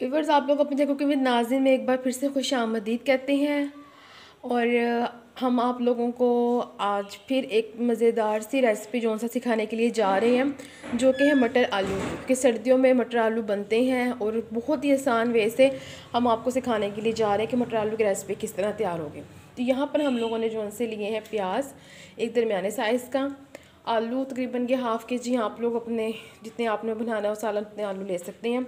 viewers आप लोग अपने जगह के विद नाजिन में एक बार फिर से खुश आमदीद कहते हैं और हम आप लोगों को आज फिर एक मज़ेदार सी रेसिपी जो सा सिखाने के लिए जा रहे हैं जो कि है मटर आलू कि सर्दियों में मटर आलू बनते हैं और बहुत ही आसान वे से हम आपको सिखाने के लिए जा रहे हैं कि मटर आलू की रेसिपी किस तरह तैयार होगी तो यहाँ पर हम लोगों ने जो से लिए हैं प्याज एक दरमियाने साइज़ का आलू तकरीबन के हाफ़ के जी आप लोग अपने जितने आपने बनाना है उस आलू उतने आलू ले सकते हैं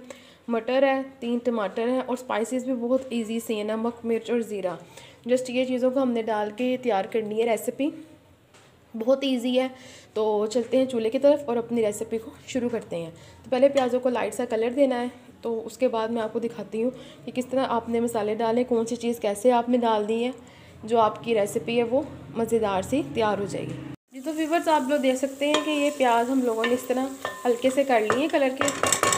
मटर है तीन टमाटर हैं और स्पाइसेस भी बहुत इजी से हैं नमक मिर्च और ज़ीरा जस्ट ये चीज़ों को हमने डाल के तैयार करनी है रेसिपी बहुत इजी है तो चलते हैं चूल्हे की तरफ और अपनी रेसिपी को शुरू करते हैं तो पहले प्याज़ों को लाइट सा कलर देना है तो उसके बाद मैं आपको दिखाती हूँ कि किस तरह आपने मसाले डाले कौन सी चीज़ कैसे आपने डाल दी है जो आपकी रेसिपी है वो मज़ेदार सी तैयार हो जाएगी जी तो व्यूवर्स आप लोग देख सकते हैं कि ये प्याज हम लोगों ने इस तरह हल्के से कर लिए कलर के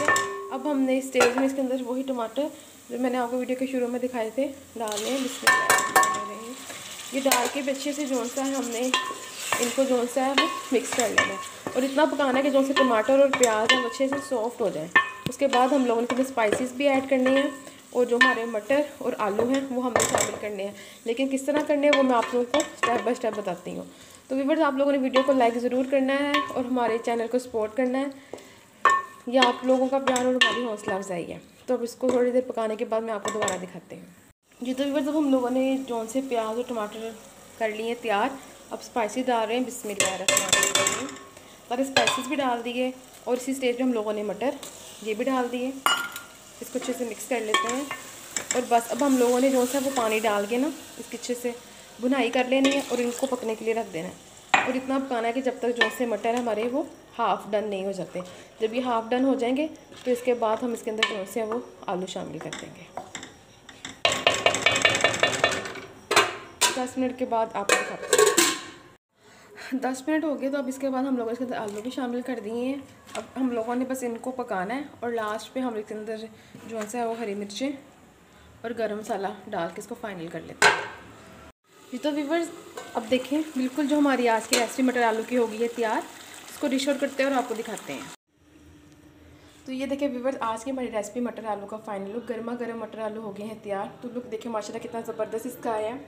अब हमने इस स्टेज में इसके अंदर वही टमाटर जो मैंने आपको वीडियो के शुरू में दिखाए थे डालने हैं ये डाल के अच्छे से जोन सा है हमने इनको जो सा है मिक्स कर लेना है और इतना पकाना है कि जो से टमाटर और प्याज हम अच्छे से सॉफ्ट हो जाए उसके बाद हम लोगों ने इसमें स्पाइसेस भी ऐड करनी है और जो हमारे मटर और आलू हैं वो हमने शामिल करने हैं लेकिन किस तरह करने हैं वो मैं आप लोगों को स्टेप बाय स्टेप बताती हूँ तो वीवर्स आप लोगों ने वीडियो को लाइक ज़रूर करना है और हमारे चैनल को सपोर्ट करना है ये आप लोगों का प्यार और हमारी हौसला अफजाई है तो अब इसको थोड़ी देर पकाने के बाद मैं आपको दोबारा दिखाते हैं जी तो भी जब हम लोगों ने जौन से प्याज और टमाटर कर लिए तैयार अब स्पाइसी डाल रहे हैं बिस्मिल्लाह सारे स्पाइसिस भी डाल दिए और इसी स्टेज पे हम लोगों ने मटर ये भी डाल दिए इसको अच्छे से मिक्स कर लेते हैं और बस अब हम लोगों ने जो सा वो पानी डाल के ना इसके अच्छे से बुनाई कर लेनी है और इनको पकने के लिए रख देना है और इतना पकाना है कि जब तक जो से मटर हमारे वो हाफ़ डन नहीं हो जाते जब ये हाफ़ डन हो जाएंगे तो इसके बाद हम इसके अंदर जो से वो आलू शामिल कर देंगे दस मिनट के बाद आप दस मिनट हो गए तो अब इसके बाद हम लोगों इसके अंदर आलू भी शामिल कर दिए हैं अब हम लोगों ने बस इनको पकाना है और लास्ट पे हम इसके अंदर जो है वो हरी मिर्चें और गरम मसाला डाल के इसको फाइनल कर लेते हैं ये तो वीवर्स अब देखें बिल्कुल जो हमारी आज की रेसिपी मटर आलू की होगी है तैयार इसको डिश आउट करते हैं और आपको दिखाते हैं तो ये देखें विवर्स आज की हमारी रेसिपी मटर आलू का फाइनल लुक गर्मा गर्म मटर आलू हो गए हैं तैयार तो लुक देखें माशाल्लाह कितना ज़बरदस्त इसका आया है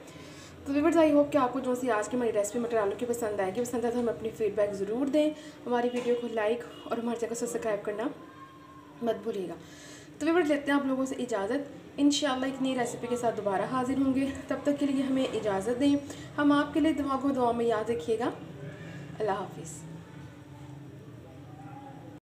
तो वीवर्स आई होप कि आपको जो सी आज की हमारी रेसिपी मटर आलू की पसंद आएगी पसंद आए तो हम अपनी फीडबैक ज़रूर दें हमारी वीडियो को लाइक और हमारे चैनल को सब्सक्राइब करना मत भूलिएगा तो वीवर लेते हैं आप लोगों से इजाज़त इन एक नई रेसिपी के साथ दोबारा हाजिर होंगे तब तक के लिए हमें इजाज़त दें हम आपके लिए दुआ को दुआ में याद रखिएगा अल्लाह हाफिज़